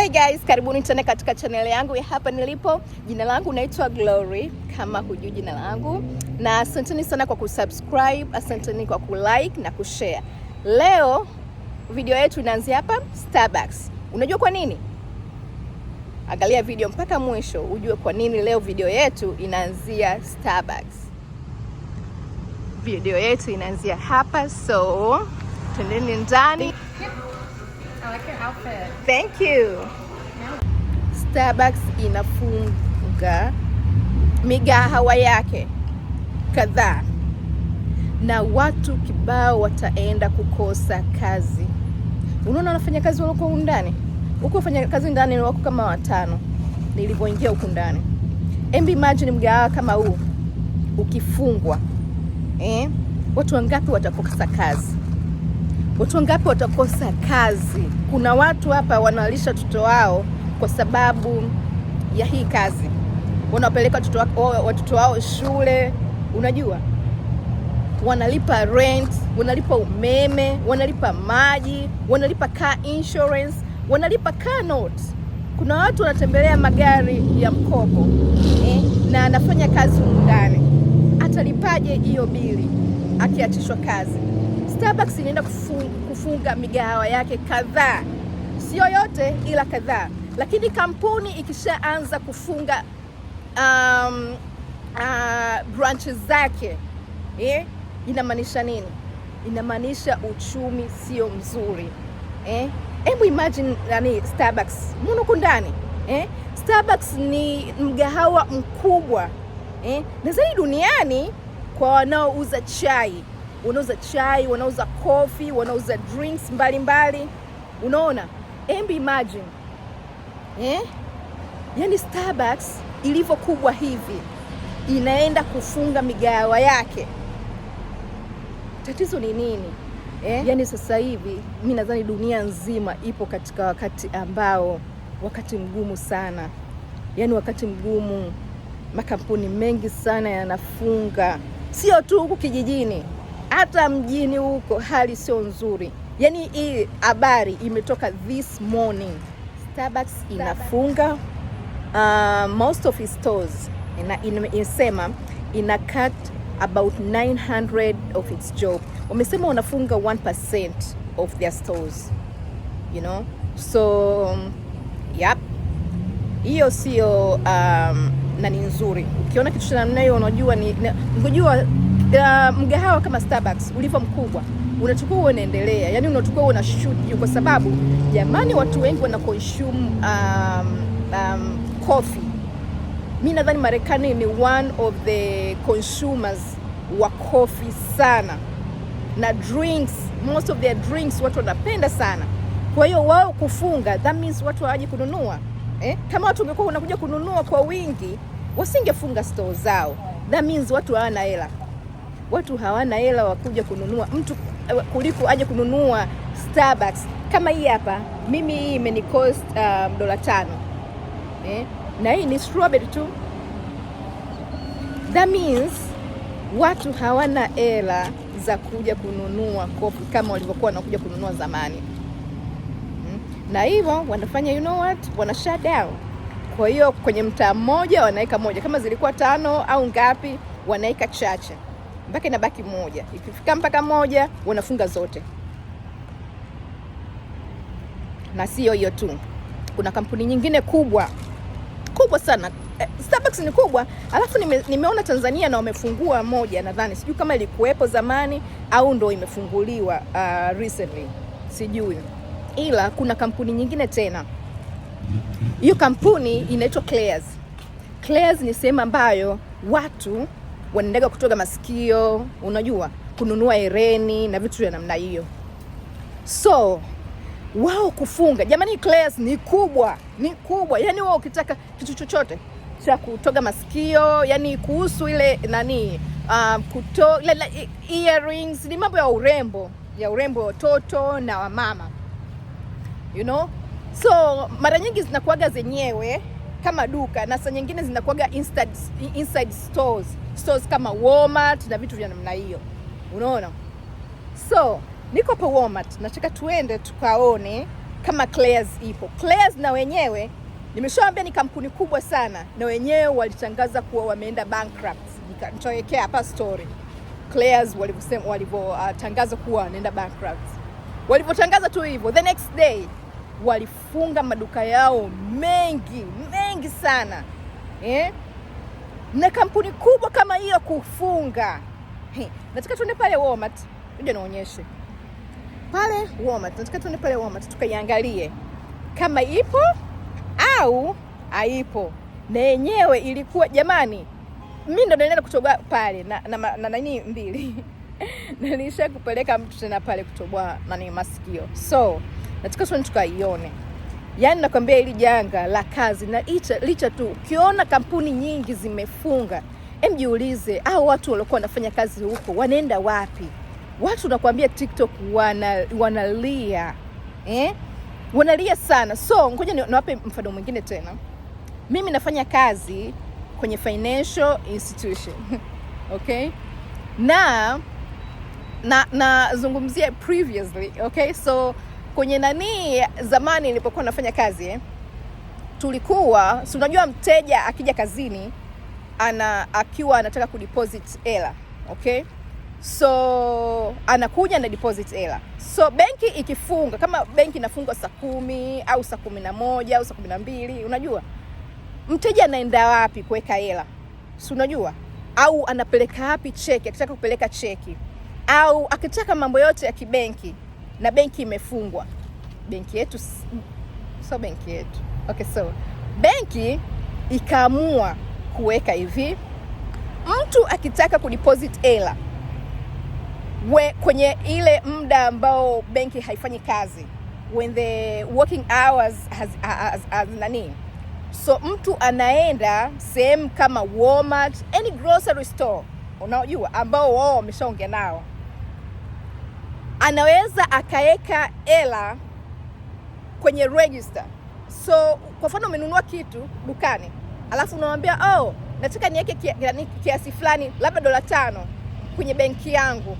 Hey guys, karibuni tena katika channel yangu ya hapa nilipo. Jina langu naitwa Glory, kama hujui jina langu, na asanteni sana kwa kusubscribe, asanteni kwa kulike na kushare. Leo video yetu inaanzia hapa Starbucks. Unajua kwa nini? Angalia video mpaka mwisho ujue kwa nini leo video yetu inaanzia Starbucks. Video yetu inaanzia hapa, so tendeni ndani like your outfit. Thank you. Starbucks inafunga migahawa yake kadhaa na watu kibao wataenda kukosa kazi. Unaona wanafanya kazi huko ndani, huko kazi ndani wako kama watano nilivyoingia huku ndani. Embi, imagine mgahawa kama huu ukifungwa eh, watu wangapi watakosa kazi? Watu wangapi watakosa kazi? Kuna watu hapa wanalisha watoto wao kwa sababu ya hii kazi, wanapeleka watoto wao shule, unajua wanalipa rent, wanalipa umeme, wanalipa maji, wanalipa car insurance, wanalipa car note. Kuna watu wanatembelea magari ya mkopo eh, na anafanya kazi ndani, atalipaje hiyo bili akiachishwa kazi? Starbucks inaenda kufunga migahawa yake kadhaa, sio yote, ila kadhaa. Lakini kampuni ikishaanza kufunga um, uh, branches zake eh, inamaanisha nini? Inamaanisha uchumi sio mzuri eh? Hebu imagine nani Starbucks munuku ndani eh? Starbucks ni mgahawa mkubwa eh, na zaidi duniani kwa wanaouza chai wanauza chai, wanauza kofi wanauza drinks mbalimbali mbali. Unaona, embi imagine eh? Yani Starbucks ilivyo kubwa hivi inaenda kufunga migahawa yake, tatizo ni nini eh? Yani sasa hivi mi nadhani dunia nzima ipo katika wakati ambao wakati mgumu sana, yani wakati mgumu. Makampuni mengi sana yanafunga, sio tu huku kijijini hata mjini huko hali sio nzuri. Yaani hii habari imetoka this morning, Starbucks inafunga uh, most of its stores ina, inasema ina cut about 900 of its job. Wamesema wanafunga 1% of their stores you know, so um, yep, hiyo sio um, nani nzuri. Ukiona kitu cha namna hiyo unajua ni, ni, uh, mgahawa kama Starbucks ulivyo mkubwa unachukua huo unaendelea, yani unachukua huo unashuju, kwa sababu jamani, watu wengi wana consume um, um, coffee. Mi nadhani Marekani ni one of the consumers wa coffee sana na drinks, most of their drinks watu wanapenda sana. Kwa hiyo wao kufunga, that means watu hawaji kununua eh? Kama watu wangekuwa wanakuja kununua kwa wingi wasingefunga store zao, that means watu hawana hela watu hawana hela wakuja kununua mtu eh, kuliko aje kununua Starbucks. Kama hii hapa mimi hii imenicost um, dola tano eh? na hii ni strawberry tu. That means watu hawana hela za kuja kununua kopi kama walivyokuwa wanakuja kununua zamani hmm? na hivyo wanafanya you know what, wana shut down. Kwa hiyo kwenye mtaa mmoja wanaweka moja, kama zilikuwa tano au ngapi, wanaweka chache mpaka inabaki moja. Ikifika mpaka moja, wanafunga zote, na sio hiyo tu, kuna kampuni nyingine kubwa kubwa sana eh, Starbucks ni kubwa, alafu nime, nimeona Tanzania na wamefungua moja, nadhani sijui kama ilikuwepo zamani au ndo imefunguliwa uh, recently sijui, ila kuna kampuni nyingine tena. Hiyo kampuni inaitwa Claire's. Claire's ni sehemu ambayo watu wanaendaga kutoga masikio, unajua kununua ereni na vitu vya namna hiyo. So wao kufunga, jamani, class ni kubwa, ni kubwa. Yani wao ukitaka kitu chochote cha kutoga masikio, yani kuhusu ile nani, um, kuto, earrings ni mambo ya urembo ya urembo wa watoto na wamama, you know, so mara nyingi zinakuaga zenyewe kama duka, na saa nyingine zinakuaga inside, inside stores stores kama Walmart na vitu vya namna hiyo, unaona. So niko pa Walmart, nataka tuende tukaone kama Claire's ipo. Claire's na wenyewe nimeshawaambia ni kampuni kubwa sana, na wenyewe walitangaza kuwa wameenda bankrupt. Nitawekea hapa story Claire's walivyosema, walivyotangaza uh, kuwa wanaenda bankrupt. Walivyotangaza tu hivyo, the next day walifunga maduka yao mengi mengi sana eh? na kampuni kubwa kama hiyo kufunga. He, nataka tuende pale Walmart, uje naonyeshe pale Walmart. Nataka tuende pale Walmart tukaiangalie kama ipo au haipo, na yenyewe ilikuwa jamani, mimi ndo nilienda kutoboa pale na na nani mbili nilisha kupeleka mtu tena pale kutoboa nani masikio so Nataka sana tukaione. Yaani nakwambia hili janga la kazi na licha, licha tu ukiona kampuni nyingi zimefunga, emjiulize au watu waliokuwa wanafanya kazi huko wanaenda wapi? Watu nakwambia TikTok wana, wanalia eh? Wanalia sana. So ngoja niwape mfano mwingine tena. Mimi nafanya kazi kwenye financial institution okay, na na nazungumzia previously okay, so kwenye nani, zamani nilipokuwa nafanya kazi eh, tulikuwa si unajua, mteja akija kazini ana akiwa anataka kudeposit hela okay, so anakuja na deposit hela. So benki ikifunga, kama benki inafungwa saa kumi au saa kumi na moja au saa kumi na mbili unajua mteja anaenda wapi kuweka hela, si unajua, au anapeleka wapi cheki, akitaka kupeleka cheki au akitaka mambo yote ya kibenki na benki imefungwa. Benki yetu so benki yetu okay, so benki ikaamua kuweka hivi, mtu akitaka kudeposit hela we kwenye ile muda ambao benki haifanyi kazi, when the working hours has, has, has nani, so mtu anaenda sehemu kama Walmart, any grocery store, unaojua ambao wao wameshaongea nao anaweza akaweka hela kwenye register. So kwa mfano umenunua kitu dukani, alafu unamwambia oh, nataka niweke kiasi kia fulani, labda dola tano kwenye benki yangu,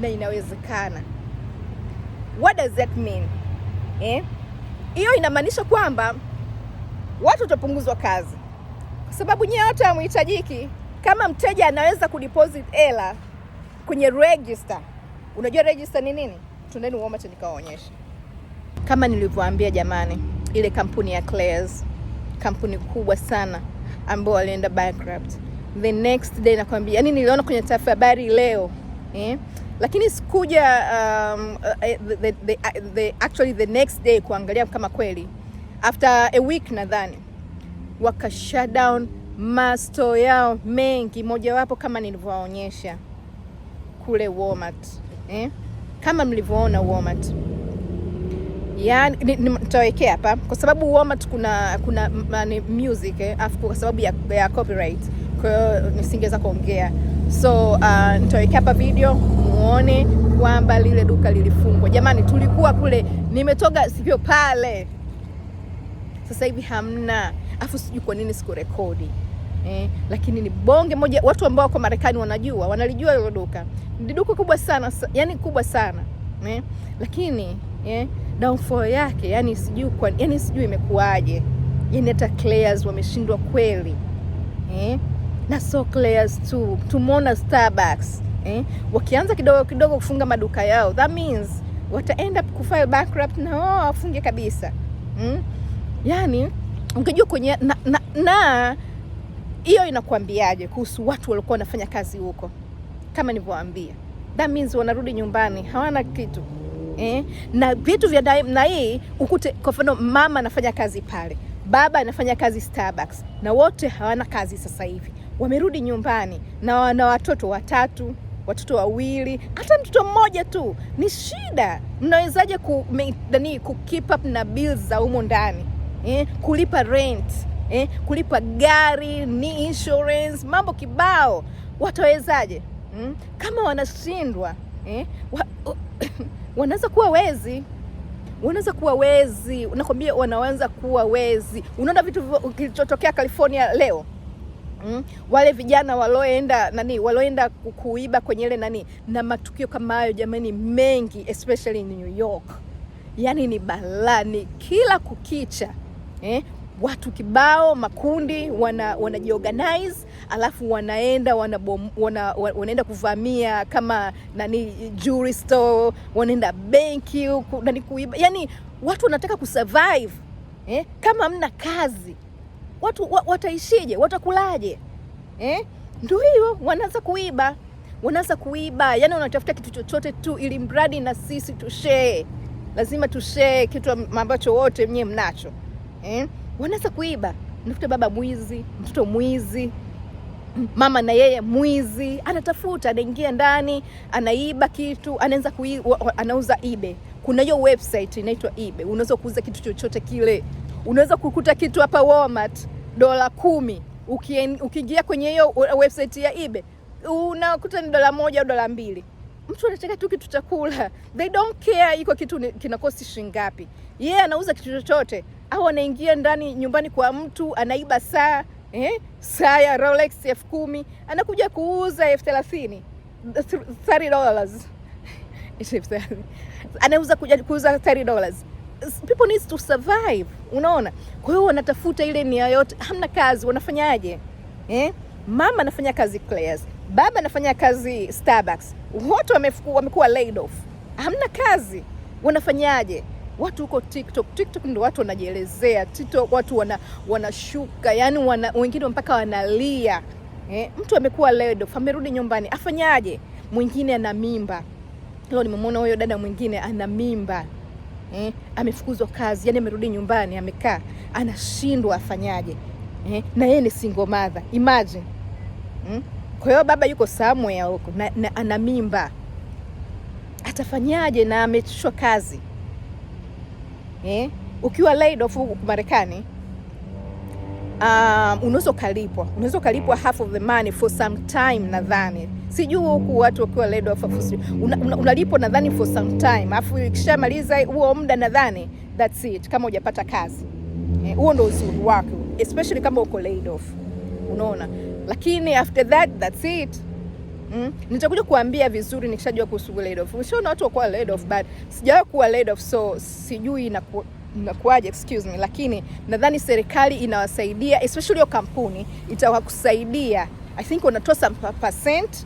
na inawezekana. What does that mean? Eh? Hiyo inamaanisha kwamba watu watapunguzwa kazi, kwa sababu nyewe wote hamuhitajiki. Kama mteja anaweza kudeposit hela kwenye register Unajua register ni nini? Tuendeni Walmart nikawaonyesha. Kama nilivyowaambia jamani, ile kampuni ya Claire's, kampuni kubwa sana ambao walienda bankrupt. The next day nakwambia, yani niliona kwenye taarifa habari leo eh? Lakini sikuja um, uh, eh, the, the, the, uh, the, actually the next day kuangalia kama kweli, after a week nadhani waka shut down masto yao mengi, mojawapo kama nilivyowaonyesha kule Walmart eh? Kama mlivyoona Walmart. yani, nitawekea hapa kwa sababu Walmart kuna kuna mani, music eh, afu kwa sababu ya, ya copyright. Kwa hiyo eh, nisingeweza kuongea. So uh, nitawekea hapa video muone kwamba lile duka lilifungwa. Jamani, tulikuwa kule, nimetoka sivyo pale. Sasa hivi hamna. Afu sijui kwa nini sikurekodi eh, lakini ni bonge moja. Watu ambao wako Marekani wanajua, wanalijua hilo duka, ni duka kubwa sana, yani kubwa sana eh, lakini eh, downfall yake yani sijui kwa yani sijui imekuaje, yani hata Claire's wameshindwa kweli eh, na so Claire's tu tumona Starbucks eh, wakianza kidogo kidogo kufunga maduka yao, that means wata end up kufile bankrupt na wao wafunge kabisa mm? Yani ungejua kwenye na, na, na hiyo inakuambiaje kuhusu watu waliokuwa wanafanya kazi huko? Kama nilivyowaambia, that means wanarudi nyumbani hawana kitu eh? na vitu vya daim, na hii ukute, kwa mfano mama anafanya kazi pale, baba anafanya kazi Starbucks, na wote hawana kazi sasa hivi, wamerudi nyumbani na wana watoto watatu watoto wawili, hata mtoto mmoja tu ni shida. Mnawezaje ku, ku keep up na bills za humo ndani eh? kulipa rent eh, kulipa gari ni insurance, mambo kibao. Watawezaje mm? kama wanashindwa eh? Wa, uh, wanaweza kuwa wezi wanaweza kuwa wezi, nakwambia, wanaanza kuwa wezi. Unaona vitu kilichotokea California leo mm? wale vijana walioenda nani, walioenda kuiba kwenye ile nani, na matukio kama hayo jamani, mengi especially in New York, yani ni balani kila kukicha eh? watu kibao makundi wana, alafu wanaenda wanabom, wana, wanaenda kuvamia kama nani jewelry store, wanaenda benki nani kuiba. Yani watu wanataka kusurvive eh? Kama hamna kazi watu wa, wataishije? Watakulaje eh? ndo hiyo, wanaanza kuiba, wanaanza kuiba, yani wanatafuta kitu chochote tu, ili mradi na sisi tushee, lazima tushee kitu ambacho wote mnyewe mnacho eh? wanaweza kuiba. Nafuta baba mwizi, mtoto mwizi, mama na yeye mwizi, anatafuta, anaingia ndani, anaiba kitu, anaanza anauza ibe. Kuna hiyo website inaitwa ibe, unaweza kuuza kitu chochote kile. Unaweza kukuta kitu hapa Walmart dola kumi, ukiingia kwenye hiyo website ya ibe unakuta ni dola moja au dola mbili. Mtu anataka tu kitu cha kula, they don't care iko kitu kinakosti shilingi ngapi. Yeye yeah, anauza kitu chochote au anaingia ndani nyumbani kwa mtu anaiba saa eh, saa ya Rolex elfu kumi anakuja kuuza elfu thelathini dollars anauza kuja kuuza dollars. People needs to survive, unaona. Kwa hiyo wanatafuta ile nia yote, hamna kazi, wanafanyaje eh? Mama anafanya kazi Claire's, baba anafanya kazi Starbucks, wote wamekuwa laid off, hamna kazi, wanafanyaje? watu huko TikTok. TikTok ndio watu wanajielezea TikTok, watu wana, wanashuka yani wana, wengine mpaka wanalia eh, mtu amekuwa ledo amerudi nyumbani afanyaje? Mwingine ana mimba leo, nimemwona huyo dada mwingine ana mimba eh, amefukuzwa kazi, yani amerudi nyumbani amekaa anashindwa afanyaje eh, na yeye ni single mother imagine hmm? Kwa hiyo baba yuko somewhere huko na, na ana mimba atafanyaje na amechishwa kazi eh, ukiwa laid off huku Marekani um, unaweza ukalipwa, unaweza ukalipwa half of the money for some time nadhani, sijui huku watu wakiwa laid off unalipwa una, una nadhani for some time, afu ikishamaliza huo muda nadhani that's it, kama hujapata kazi eh, huo, eh, ndo uzuri wako especially kama uko laid off, unaona. Lakini after that that's it. Mm. Nitakuja kuambia vizuri nikishajua kuhusu laid off. Ushaona watu wakuwa laid off but sijawahi kuwa laid off so sijui na ku nakuaje excuse me, lakini nadhani serikali inawasaidia especially hiyo kampuni itawakusaidia. I think wanatoa some percent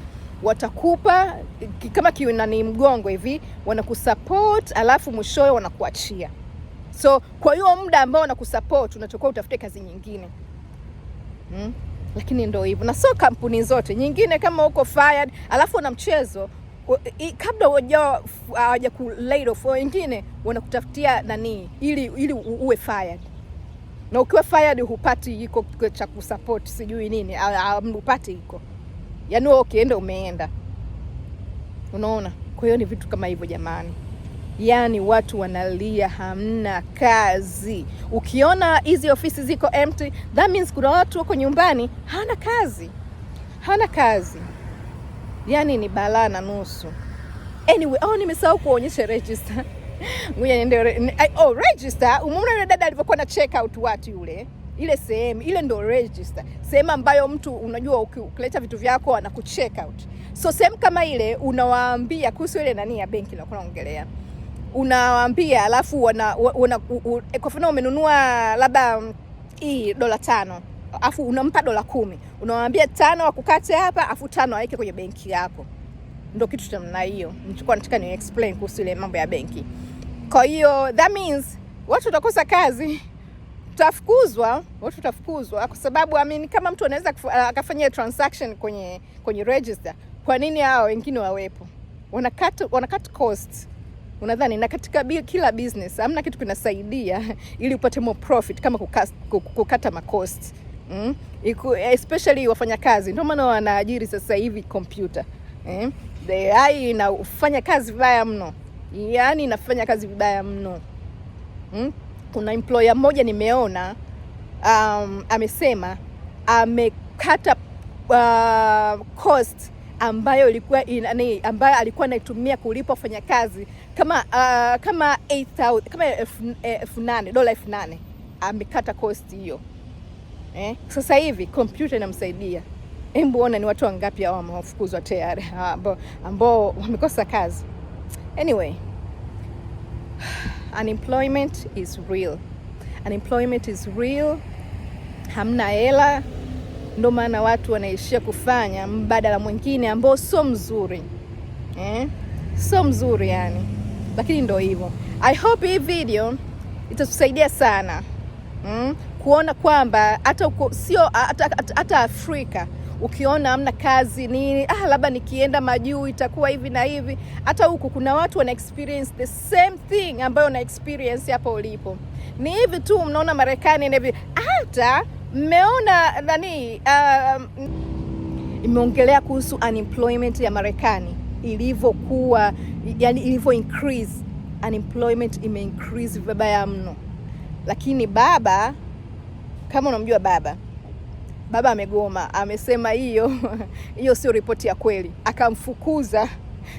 watakupa kama kiunani mgongo hivi, wanakusupport alafu mwishowe wanakuachia. So kwa hiyo muda ambao wanakusupport unatakiwa utafute kazi nyingine mm lakini ndo hivyo, na sio kampuni zote nyingine. Kama uko fired alafu una mchezo kabla hawaja ku laid off, wengine wanakutafutia nani ili ili uwe fired, na ukiwa fired hupati iko cha kusupport sijui nini, hupati iko yaani, wewe ukienda umeenda, unaona. Kwa hiyo ni vitu kama hivyo jamani. Yaani watu wanalia, hamna kazi. Ukiona hizi ofisi ziko empty, that means kuna watu wako nyumbani, hana kazi, hana kazi. Yaani ni balaa na nusu. Anyway, oh, nimesahau kuonyesha register. Ngoja niende re eh, oh, register. Umeona yule dada alivyokuwa na check out watu yule ile sehemu ile ndo register, sehemu ambayo mtu unajua ukileta vitu vyako anakucheck out. So sehemu kama ile unawaambia kuhusu ile nani ya benki nakunaongelea unawaambia, alafu wana, wana, kwa mfano umenunua labda hii dola tano afu unampa dola kumi unawaambia tano akukate hapa afu tano aweke kwenye benki yako. Ndio kitu cha namna hiyo nilikuwa nataka ni explain kuhusu ile mambo ya benki. Kwa hiyo that means watu watakosa kazi, tutafukuzwa, watu tutafukuzwa kwa sababu I mean, kama mtu anaweza akafanyia transaction kwenye kwenye register, kwa nini hao wengine wawepo? Wanakata wanakata costs. Unadhani? Na katika kila business hamna kitu kinasaidia ili upate more profit kama kukast, kukata macost mm? Especially wafanyakazi, ndio maana wanaajiri sasa hivi kompyuta mm? eh? AI inafanya kazi vibaya mno, yani inafanya kazi vibaya mno mm? Kuna employer mmoja nimeona, um, amesema amekata uh, cost ambayo ilikuwa ambayo alikuwa anaitumia kulipa wafanyakazi kama uh, kama 8000 kama elfu nane dola elfu nane amekata cost hiyo eh. Sasa hivi kompyuta inamsaidia. Hebu ona ni watu wangapi hao wamefukuzwa tayari ambao wamekosa kazi. Anyway, unemployment is real, unemployment is real. Hamna hela, ndio maana watu wanaishia kufanya mbadala mwingine ambao sio mzuri eh? Sio mzuri yani lakini ndo hivyo. I hope hii video itatusaidia sana mm, kuona kwamba hata sio hata Afrika ukiona amna kazi nini, ah, labda nikienda majuu itakuwa hivi na hivi. Hata huku kuna watu wana experience the same thing ambayo una experience hapo ulipo. Ni hivi tu, mnaona Marekani na hivi, hata mmeona nani, uh, imeongelea kuhusu unemployment ya Marekani ilivyokuwa yani ilivyo increase unemployment ime increase vibaya mno, lakini baba kama unamjua baba baba amegoma, amesema hiyo hiyo sio ripoti ya kweli, akamfukuza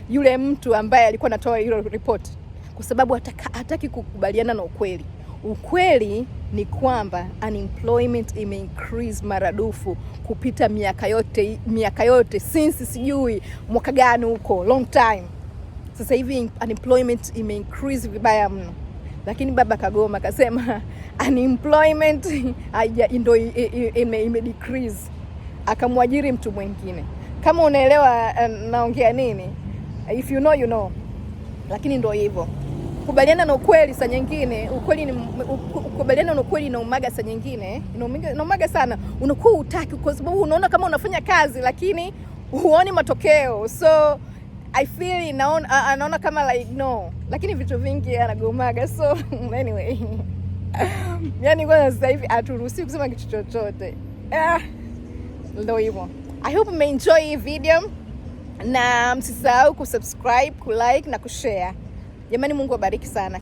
yule mtu ambaye alikuwa anatoa hiyo ripoti, kwa sababu hataki kukubaliana na ukweli. Ukweli ni kwamba unemployment ime increase maradufu kupita miaka yote, miaka yote since sijui mwaka gani huko long time. Sasa hivi unemployment ime increase vibaya mno, lakini baba kagoma akasema unemployment ndio ime, ime decrease, akamwajiri mtu mwingine. Kama unaelewa eh, naongea nini, if you know you know, lakini ndio hivyo kubaliana na ukweli saa nyingine, ukweli ni kubaliana na ukweli inaumaga saa nyingine, inaumaga sana, unakuwa utaki kwa sababu unaona kama unafanya kazi lakini huoni matokeo so I feel naona anaona kama like no, lakini vitu vingi anagomaga so anyway yani kwa sasa hivi aturuhusi kusema kitu chochote eh, ah, ndio hivyo. I hope mmeenjoy hii video na msisahau kusubscribe, kulike na kushare. Jamani, Mungu abariki sana.